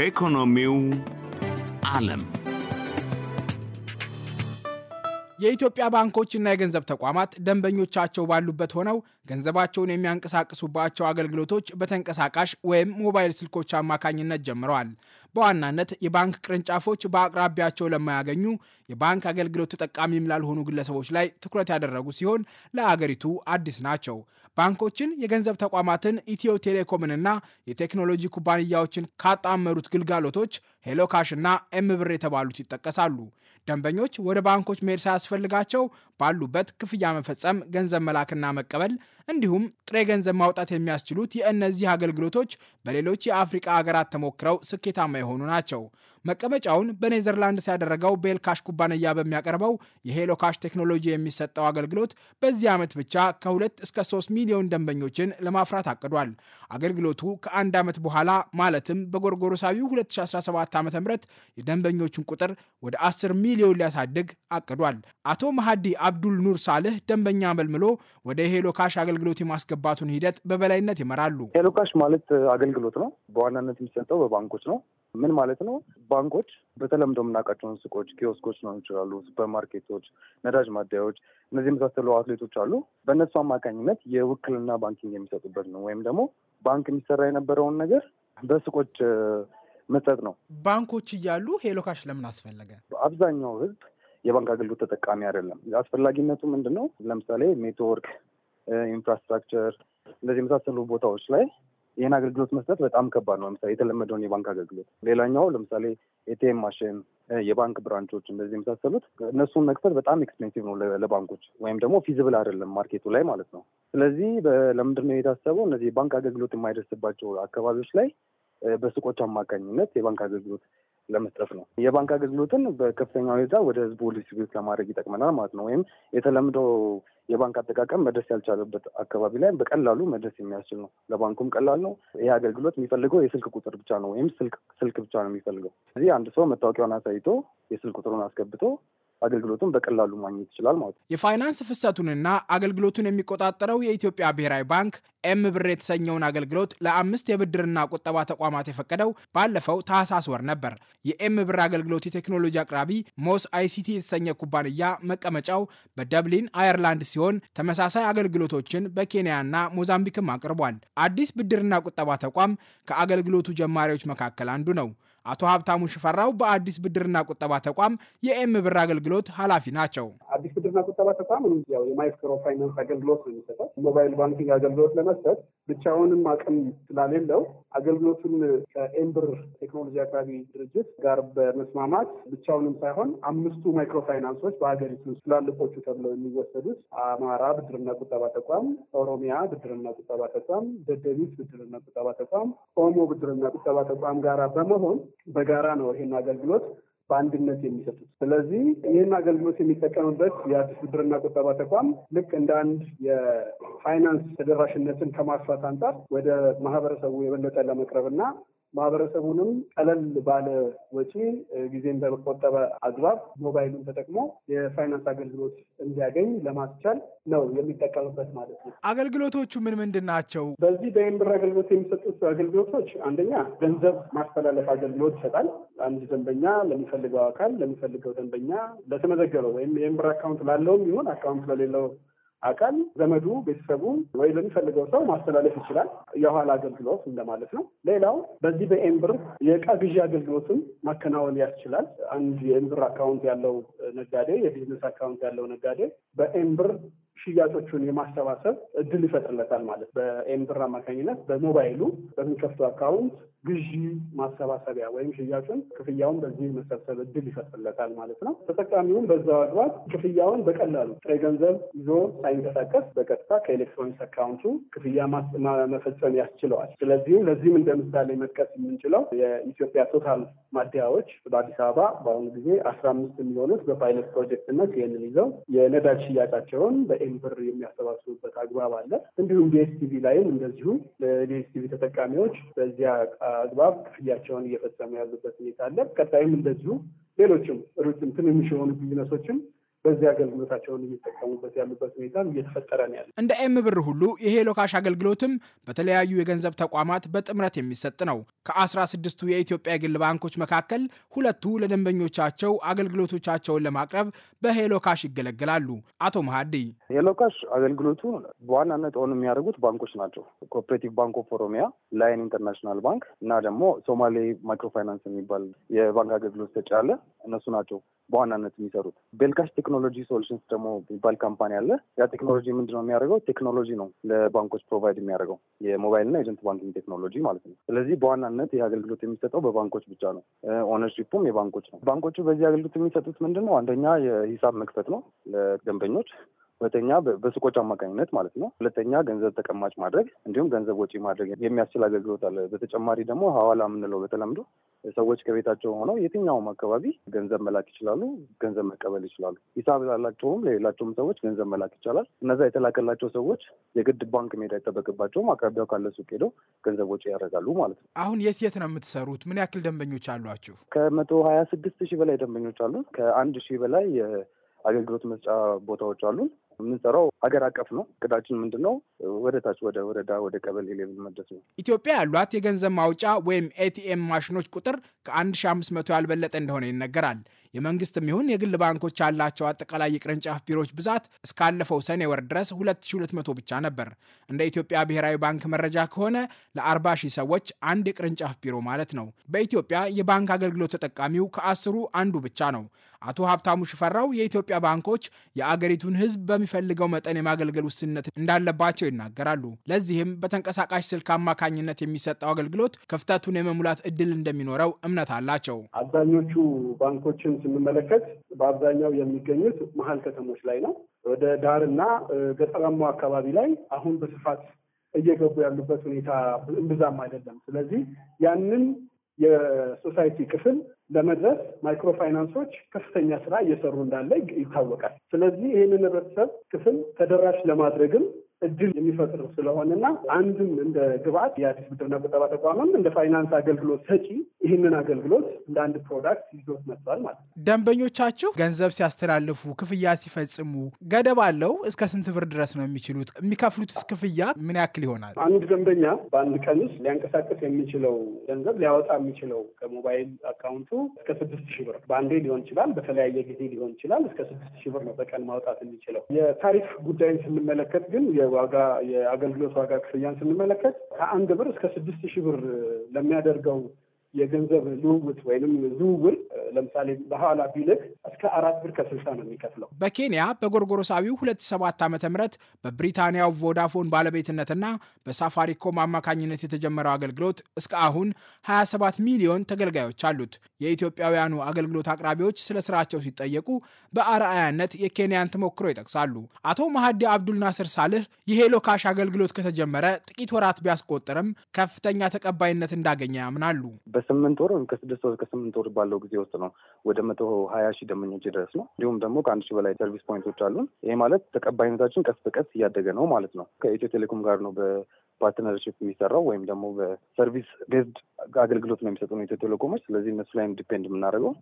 ከኢኮኖሚው ዓለም የኢትዮጵያ ባንኮችና የገንዘብ ተቋማት ደንበኞቻቸው ባሉበት ሆነው ገንዘባቸውን የሚያንቀሳቅሱባቸው አገልግሎቶች በተንቀሳቃሽ ወይም ሞባይል ስልኮች አማካኝነት ጀምረዋል። በዋናነት የባንክ ቅርንጫፎች በአቅራቢያቸው ለማያገኙ የባንክ አገልግሎት ተጠቃሚም ላልሆኑ ግለሰቦች ላይ ትኩረት ያደረጉ ሲሆን ለአገሪቱ አዲስ ናቸው። ባንኮችን፣ የገንዘብ ተቋማትን፣ ኢትዮ ቴሌኮምንና የቴክኖሎጂ ኩባንያዎችን ካጣመሩት ግልጋሎቶች ሄሎካሽ እና ኤምብር የተባሉት ይጠቀሳሉ። ደንበኞች ወደ ባንኮች መሄድ ሳያስፈልጋቸው ባሉበት ክፍያ መፈጸም፣ ገንዘብ መላክና መቀበል እንዲሁም ጥሬ ገንዘብ ማውጣት የሚያስችሉት የእነዚህ አገልግሎቶች በሌሎች የአፍሪቃ ሀገራት ተሞክረው ስኬታማ የሆኑ ናቸው። መቀመጫውን በኔዘርላንድ ሲያደረገው ቤልካሽ ኩባንያ በሚያቀርበው የሄሎካሽ ቴክኖሎጂ የሚሰጠው አገልግሎት በዚህ ዓመት ብቻ ከ2 እስከ 3 ሚሊዮን ደንበኞችን ለማፍራት አቅዷል። አገልግሎቱ ከአንድ ዓመት በኋላ ማለትም በጎርጎሮሳዊው 2017 ዓ ም የደንበኞቹን ቁጥር ወደ 10 ሚሊዮን ሊያሳድግ አቅዷል። አቶ መሀዲ አብዱል ኑር ሳልህ ደንበኛ መልምሎ ወደ ሄሎካሽ አገልግሎት የማስገባቱን ሂደት በበላይነት ይመራሉ። ሄሎካሽ ማለት አገልግሎት ነው። በዋናነት የሚሰጠው በባንኮች ነው። ምን ማለት ነው? ባንኮች በተለምዶ የምናውቃቸውን ሱቆች፣ ኪዮስኮች ሊሆን ይችላሉ፣ ሱፐርማርኬቶች፣ ነዳጅ ማደያዎች፣ እነዚህ የመሳሰሉ አትሌቶች አሉ። በእነሱ አማካኝነት የውክልና ባንኪንግ የሚሰጡበት ነው። ወይም ደግሞ ባንክ የሚሰራ የነበረውን ነገር በሱቆች መስጠት ነው። ባንኮች እያሉ ሄሎካሽ ለምን አስፈለገ? አብዛኛው ህዝብ የባንክ አገልግሎት ተጠቃሚ አይደለም። አስፈላጊነቱ ምንድን ነው? ለምሳሌ ኔትወርክ፣ ኢንፍራስትራክቸር እንደዚህ የመሳሰሉ ቦታዎች ላይ ይህን አገልግሎት መስጠት በጣም ከባድ ነው። ለምሳሌ የተለመደውን የባንክ አገልግሎት ሌላኛው ለምሳሌ ኤቲኤም ማሽን፣ የባንክ ብራንቾች እንደዚህ የመሳሰሉት እነሱን መክፈት በጣም ኤክስፔንሲቭ ነው ለባንኮች ወይም ደግሞ ፊዚብል አይደለም ማርኬቱ ላይ ማለት ነው። ስለዚህ ለምንድን ነው የታሰበው? እነዚህ የባንክ አገልግሎት የማይደርስባቸው አካባቢዎች ላይ በሱቆች አማካኝነት የባንክ አገልግሎት ለመስጠት ነው። የባንክ አገልግሎትን በከፍተኛ ሁኔታ ወደ ህዝቡ ዲስትሪቢዩት ለማድረግ ይጠቅመናል ማለት ነው። ወይም የተለምዶ የባንክ አጠቃቀም መድረስ ያልቻለበት አካባቢ ላይ በቀላሉ መድረስ የሚያስችል ነው። ለባንኩም ቀላል ነው። ይህ አገልግሎት የሚፈልገው የስልክ ቁጥር ብቻ ነው፣ ወይም ስልክ ብቻ ነው የሚፈልገው። ስለዚህ አንድ ሰው መታወቂያውን አሳይቶ የስልክ ቁጥሩን አስገብቶ አገልግሎቱን በቀላሉ ማግኘት ይችላል ማለት ነው። የፋይናንስ ፍሰቱንና አገልግሎቱን የሚቆጣጠረው የኢትዮጵያ ብሔራዊ ባንክ ኤም ብር የተሰኘውን አገልግሎት ለአምስት የብድርና ቁጠባ ተቋማት የፈቀደው ባለፈው ታህሳስ ወር ነበር። የኤም ብር አገልግሎት የቴክኖሎጂ አቅራቢ ሞስ አይሲቲ የተሰኘ ኩባንያ መቀመጫው በደብሊን አየርላንድ ሲሆን ተመሳሳይ አገልግሎቶችን በኬንያና ሞዛምቢክም አቅርቧል። አዲስ ብድርና ቁጠባ ተቋም ከአገልግሎቱ ጀማሪዎች መካከል አንዱ ነው። አቶ ሀብታሙ ሽፈራው በአዲስ ብድርና ቁጠባ ተቋም የኤም ብር አገልግሎት ኃላፊ ናቸው። ብድርና ቁጠባ ተቋም ያው የማይክሮ ፋይናንስ አገልግሎት ነው የሚሰጠው። ሞባይል ባንኪንግ አገልግሎት ለመስጠት ብቻውንም አቅም ስላሌለው አገልግሎቱን ከኤምብር ቴክኖሎጂ አቅራቢ ድርጅት ጋር በመስማማት ብቻውንም ሳይሆን አምስቱ ማይክሮ ፋይናንሶች በሀገሪቱ ትላልቆቹ ተብለው የሚወሰዱት አማራ ብድርና ቁጠባ ተቋም፣ ኦሮሚያ ብድርና ቁጠባ ተቋም፣ ደደቢት ብድርና ቁጠባ ተቋም፣ ኦሞ ብድርና ቁጠባ ተቋም ጋራ በመሆን በጋራ ነው ይሄን አገልግሎት በአንድነት የሚሰጡት። ስለዚህ ይህን አገልግሎት የሚጠቀምበት የአዲስ ብድርና ቁጠባ ተቋም ልክ እንደ አንድ የፋይናንስ ተደራሽነትን ከማስፋት አንጻር ወደ ማህበረሰቡ የበለጠ ለመቅረብ እና ማህበረሰቡንም ቀለል ባለ ወጪ ጊዜን በመቆጠበ አግባብ ሞባይሉን ተጠቅሞ የፋይናንስ አገልግሎት እንዲያገኝ ለማስቻል ነው የሚጠቀምበት ማለት ነው። አገልግሎቶቹ ምን ምንድን ናቸው? በዚህ በኤምብር አገልግሎት የሚሰጡት አገልግሎቶች አንደኛ ገንዘብ ማስተላለፍ አገልግሎት ይሰጣል። አንድ ደንበኛ ለሚፈልገው አካል ለሚፈልገው ደንበኛ ለተመዘገበው ወይም የኤምብር አካውንት ላለውም ይሁን አካውንት ለሌለው አካል ዘመዱ፣ ቤተሰቡ ወይ ለሚፈልገው ሰው ማስተላለፍ ይችላል። የኋላ አገልግሎት እንደማለት ነው። ሌላው በዚህ በኤምብር የእቃ ግዢ አገልግሎትን ማከናወን ያስችላል። አንድ የኤምብር አካውንት ያለው ነጋዴ፣ የቢዝነስ አካውንት ያለው ነጋዴ በኤምብር ሽያጮቹን የማሰባሰብ እድል ይፈጥርለታል ማለት በኤምብር አማካኝነት በሞባይሉ በሚከፍቱ አካውንት ግዢ ማሰባሰቢያ ወይም ሽያጩን ክፍያውን በዚህ መሰብሰብ እድል ይፈጥርለታል ማለት ነው። ተጠቃሚውን በዛው አግባብ ክፍያውን በቀላሉ ጥሬ ገንዘብ ይዞ ሳይንቀሳቀስ በቀጥታ ከኤሌክትሮኒክስ አካውንቱ ክፍያ መፈጸም ያስችለዋል። ስለዚህም ለዚህም እንደ ምሳሌ መጥቀስ የምንችለው የኢትዮጵያ ቶታል ማደያዎች በአዲስ አበባ በአሁኑ ጊዜ አስራ አምስት የሚሆኑት በፓይለት ፕሮጀክትነት ይህንን ይዘው የነዳጅ ሽያጫቸውን በኤምብር የሚያሰባስቡበት አግባብ አለ። እንዲሁም ዲኤስቲቪ ላይም እንደዚሁ ዲኤስቲቪ ተጠቃሚዎች በዚያ አግባብ ክፍያቸውን እየፈጸሙ ያሉበት ሁኔታ አለ። ቀጣይም እንደዚሁ ሌሎችም ሩጭም ትንንሽ የሆኑ ቢዝነሶችም በዚህ አገልግሎታቸውን እየተጠቀሙበት ያሉበት ሁኔታ እየተፈጠረ ነው ያለ። እንደ ኤም ብር ሁሉ ይሄ ሎካሽ አገልግሎትም በተለያዩ የገንዘብ ተቋማት በጥምረት የሚሰጥ ነው። ከአስራ ስድስቱ የኢትዮጵያ ግል ባንኮች መካከል ሁለቱ ለደንበኞቻቸው አገልግሎቶቻቸውን ለማቅረብ በሄሎካሽ ይገለገላሉ። አቶ መሀዲ ሄሎካሽ አገልግሎቱ በዋናነት ኦን የሚያደርጉት ባንኮች ናቸው። ኮኦፕሬቲቭ ባንክ ኦፍ ኦሮሚያ፣ ላይን ኢንተርናሽናል ባንክ እና ደግሞ ሶማሌ ፋይናንስ የሚባል የባንክ አገልግሎት ሰጪ አለ። እነሱ ናቸው በዋናነት የሚሰሩት። ቤልካሽ ቴክኖሎጂ ሶሉሽንስ ደግሞ የሚባል ካምፓኒ አለ። ያ ቴክኖሎጂ ምንድነው የሚያደርገው? ቴክኖሎጂ ነው ለባንኮች ፕሮቫይድ የሚያደርገው የሞባይልና ኤጀንት ባንኪንግ ቴክኖሎጂ ማለት ነው። ስለዚህ በዋናነት ይህ አገልግሎት የሚሰጠው በባንኮች ብቻ ነው። ኦነርሺፑም የባንኮች ነው። ባንኮቹ በዚህ አገልግሎት የሚሰጡት ምንድን ነው? አንደኛ የሂሳብ መክፈት ነው ለደንበኞች ሁለተኛ በሱቆች አማካኝነት ማለት ነው። ሁለተኛ ገንዘብ ተቀማጭ ማድረግ እንዲሁም ገንዘብ ወጪ ማድረግ የሚያስችል አገልግሎት አለ። በተጨማሪ ደግሞ ሀዋላ የምንለው በተለምዶ ሰዎች ከቤታቸው ሆነው የትኛውም አካባቢ ገንዘብ መላክ ይችላሉ፣ ገንዘብ መቀበል ይችላሉ። ሂሳብ ላላቸውም ለሌላቸውም ሰዎች ገንዘብ መላክ ይቻላል። እነዛ የተላከላቸው ሰዎች የግድ ባንክ ሜዳ አይጠበቅባቸውም። አቅራቢያው ካለ ሱቅ ሄደው ገንዘብ ወጪ ያደርጋሉ ማለት ነው። አሁን የት የት ነው የምትሰሩት? ምን ያክል ደንበኞች አሏችሁ? ከመቶ ሀያ ስድስት ሺህ በላይ ደንበኞች አሉ። ከአንድ ሺህ በላይ የአገልግሎት መስጫ ቦታዎች አሉን። የምንሰራው ሀገር አቀፍ ነው። እቅዳችን ምንድን ነው? ወደ ታች ወደ ወረዳ ወደ ቀበሌ ሌቭል መድረስ ነው። ኢትዮጵያ ያሏት የገንዘብ ማውጫ ወይም ኤቲኤም ማሽኖች ቁጥር ከ1500 ያልበለጠ እንደሆነ ይነገራል። የመንግስትም ይሁን የግል ባንኮች ያላቸው አጠቃላይ የቅርንጫፍ ቢሮዎች ብዛት እስካለፈው ሰኔ ወር ድረስ 2200 ብቻ ነበር። እንደ ኢትዮጵያ ብሔራዊ ባንክ መረጃ ከሆነ ለ40 ሺህ ሰዎች አንድ የቅርንጫፍ ቢሮ ማለት ነው። በኢትዮጵያ የባንክ አገልግሎት ተጠቃሚው ከአስሩ አንዱ ብቻ ነው። አቶ ሀብታሙ ሽፈራው የኢትዮጵያ ባንኮች የአገሪቱን ሕዝብ በሚ በሚፈልገው መጠን የማገልገል ውስንነት እንዳለባቸው ይናገራሉ። ለዚህም በተንቀሳቃሽ ስልክ አማካኝነት የሚሰጠው አገልግሎት ክፍተቱን የመሙላት እድል እንደሚኖረው እምነት አላቸው። አብዛኞቹ ባንኮችን ስንመለከት በአብዛኛው የሚገኙት መሀል ከተሞች ላይ ነው። ወደ ዳርና ገጠራማው አካባቢ ላይ አሁን በስፋት እየገቡ ያሉበት ሁኔታ እምብዛም አይደለም። ስለዚህ ያንን የሶሳይቲ ክፍል ለመድረስ ማይክሮ ፋይናንሶች ከፍተኛ ስራ እየሰሩ እንዳለ ይታወቃል። ስለዚህ ይህንን ህብረተሰብ ክፍል ተደራሽ ለማድረግም እድል የሚፈጥር ስለሆነና አንድም እንደ ግብአት የአዲስ ብድርና ቁጠባ ተቋምም እንደ ፋይናንስ አገልግሎት ሰጪ ይህንን አገልግሎት እንደ አንድ ፕሮዳክት ይዞት መጥቷል ማለት ነው። ደንበኞቻችሁ ገንዘብ ሲያስተላልፉ፣ ክፍያ ሲፈጽሙ ገደብ አለው? እስከ ስንት ብር ድረስ ነው የሚችሉት? የሚከፍሉትስ ክፍያ ምን ያክል ይሆናል? አንድ ደንበኛ በአንድ ቀን ውስጥ ሊያንቀሳቀስ የሚችለው ገንዘብ ሊያወጣ የሚችለው ከሞባይል አካውንቱ እስከ ስድስት ሺህ ብር በአንዴ ሊሆን ይችላል፣ በተለያየ ጊዜ ሊሆን ይችላል። እስከ ስድስት ሺህ ብር ነው በቀን ማውጣት የሚችለው። የታሪፍ ጉዳይን ስንመለከት ግን የዋጋ የአገልግሎት ዋጋ ክፍያን ስንመለከት ከአንድ ብር እስከ ስድስት ሺህ ብር ለሚያደርገው የገንዘብ ልውውጥ ወይም ዝውውር ለምሳሌ በሐዋላ ቢልክ እስከ አራት ብር ከስልሳ ነው የሚከፍለው። በኬንያ በጎርጎሮሳዊው ሁለት ሰባት ዓመተ ምህረት በብሪታንያው ቮዳፎን ባለቤትነትና በሳፋሪኮም አማካኝነት የተጀመረው አገልግሎት እስከ አሁን 27 ሚሊዮን ተገልጋዮች አሉት። የኢትዮጵያውያኑ አገልግሎት አቅራቢዎች ስለ ስራቸው ሲጠየቁ በአርአያነት የኬንያን ተሞክሮ ይጠቅሳሉ። አቶ መሀዲ አብዱል ናስር ሳልህ ይሄ ሎካሽ አገልግሎት ከተጀመረ ጥቂት ወራት ቢያስቆጥርም ከፍተኛ ተቀባይነት እንዳገኘ ያምናሉ። በስምንት ወር ወይም ከስድስት ወር ከስምንት ወር ባለው ጊዜ ውስጥ ነው ወደ መቶ ሀያ ሺህ ደንበኞች ድረስ ነው። እንዲሁም ደግሞ ከአንድ ሺህ በላይ ሰርቪስ ፖይንቶች አሉን። ይሄ ማለት ተቀባይነታችን ቀስ በቀስ እያደገ ነው ማለት ነው። ከኢትዮ ቴሌኮም ጋር ነው በፓርትነርሽፕ የሚሰራው ወይም ደግሞ በሰርቪስ ቤዝድ አገልግሎት ነው የሚሰጡ ኢትዮ ቴሌኮሞች። ስለዚህ እነሱ ላይ ዲፔንድ የምናደርገው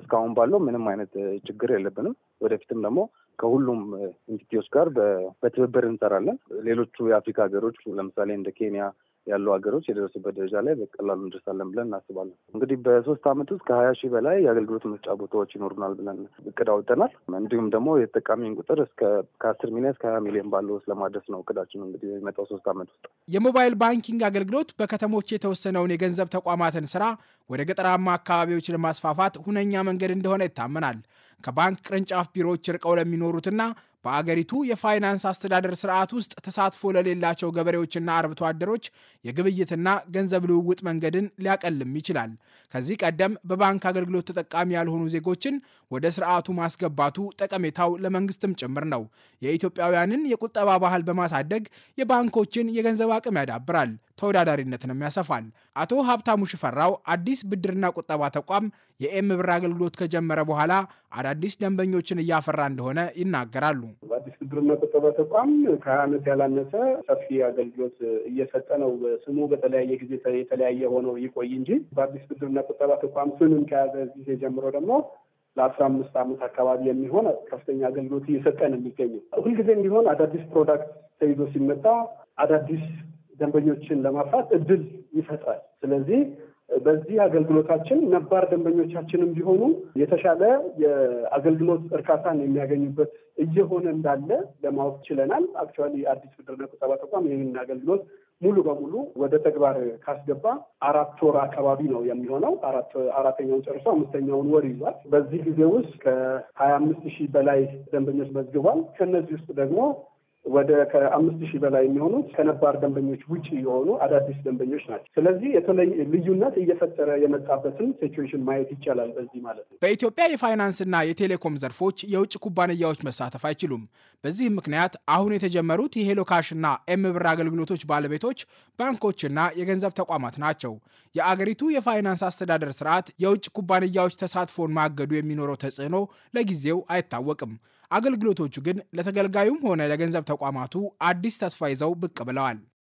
እስካሁን ባለው ምንም አይነት ችግር የለብንም። ወደፊትም ደግሞ ከሁሉም ኢንቲቲዎች ጋር በትብብር እንሰራለን። ሌሎቹ የአፍሪካ ሀገሮች ለምሳሌ እንደ ኬንያ ያሉ ሀገሮች የደረሱበት ደረጃ ላይ በቀላሉ እንደርሳለን ብለን እናስባለን። እንግዲህ በሶስት አመት ውስጥ ከሀያ ሺህ በላይ የአገልግሎት መስጫ ቦታዎች ይኖሩናል ብለን እቅድ አውጠናል። እንዲሁም ደግሞ የተጠቃሚን ቁጥር እስከ ከአስር ሚሊዮን እስከ ሀያ ሚሊዮን ባለው ውስጥ ለማድረስ ነው እቅዳችን። እንግዲህ የሚመጣው ሶስት አመት ውስጥ የሞባይል ባንኪንግ አገልግሎት በከተሞች የተወሰነውን የገንዘብ ተቋማትን ስራ ወደ ገጠራማ አካባቢዎች ለማስፋፋት ሁነኛ መንገድ እንደሆነ ይታመናል። ከባንክ ቅርንጫፍ ቢሮዎች ርቀው ለሚኖሩትና በአገሪቱ የፋይናንስ አስተዳደር ስርዓት ውስጥ ተሳትፎ ለሌላቸው ገበሬዎችና አርብቶ አደሮች የግብይትና ገንዘብ ልውውጥ መንገድን ሊያቀልም ይችላል። ከዚህ ቀደም በባንክ አገልግሎት ተጠቃሚ ያልሆኑ ዜጎችን ወደ ስርዓቱ ማስገባቱ ጠቀሜታው ለመንግስትም ጭምር ነው። የኢትዮጵያውያንን የቁጠባ ባህል በማሳደግ የባንኮችን የገንዘብ አቅም ያዳብራል። ተወዳዳሪነትንም ያሰፋል። አቶ ሀብታሙ ሽፈራው አዲስ ብድርና ቁጠባ ተቋም የኤም ብር አገልግሎት ከጀመረ በኋላ አዳዲስ ደንበኞችን እያፈራ እንደሆነ ይናገራሉ። በአዲስ ብድርና ቁጠባ ተቋም ከሀያ ዓመት ያላነሰ ሰፊ አገልግሎት እየሰጠ ነው። ስሙ በተለያየ ጊዜ የተለያየ ሆኖ ይቆይ እንጂ በአዲስ ብድርና ቁጠባ ተቋም ስምም ከያዘ ጊዜ ጀምሮ ደግሞ ለአስራ አምስት ዓመት አካባቢ የሚሆን ከፍተኛ አገልግሎት እየሰጠ ነው የሚገኘው። ሁልጊዜም ቢሆን አዳዲስ ፕሮዳክት ተይዞ ሲመጣ አዳዲስ ደንበኞችን ለማፍራት እድል ይፈጥራል። ስለዚህ በዚህ አገልግሎታችን ነባር ደንበኞቻችንም ቢሆኑ የተሻለ የአገልግሎት እርካታን የሚያገኙበት እየሆነ እንዳለ ለማወቅ ችለናል። አክቹዋሊ አዲስ ብድርና ቁጠባ ተቋም ይህንን አገልግሎት ሙሉ በሙሉ ወደ ተግባር ካስገባ አራት ወር አካባቢ ነው የሚሆነው። አራት አራተኛውን ጨርሶ አምስተኛውን ወር ይዟል። በዚህ ጊዜ ውስጥ ከሀያ አምስት ሺህ በላይ ደንበኞች መዝግቧል። ከእነዚህ ውስጥ ደግሞ ወደ ከአምስት ሺህ በላይ የሚሆኑት ከነባር ደንበኞች ውጭ የሆኑ አዳዲስ ደንበኞች ናቸው። ስለዚህ የተለየ ልዩነት እየፈጠረ የመጣበትን ሲቹዌሽን ማየት ይቻላል። በዚህ ማለት ነው በኢትዮጵያ የፋይናንስና የቴሌኮም ዘርፎች የውጭ ኩባንያዎች መሳተፍ አይችሉም። በዚህም ምክንያት አሁን የተጀመሩት የሄሎካሽና ኤምብር አገልግሎቶች ባለቤቶች ባንኮችና የገንዘብ ተቋማት ናቸው። የአገሪቱ የፋይናንስ አስተዳደር ስርዓት የውጭ ኩባንያዎች ተሳትፎን ማገዱ የሚኖረው ተጽዕኖ ለጊዜው አይታወቅም። አገልግሎቶቹ ግን ለተገልጋዩም ሆነ ለገንዘብ ተቋማቱ አዲስ ተስፋ ይዘው ብቅ ብለዋል።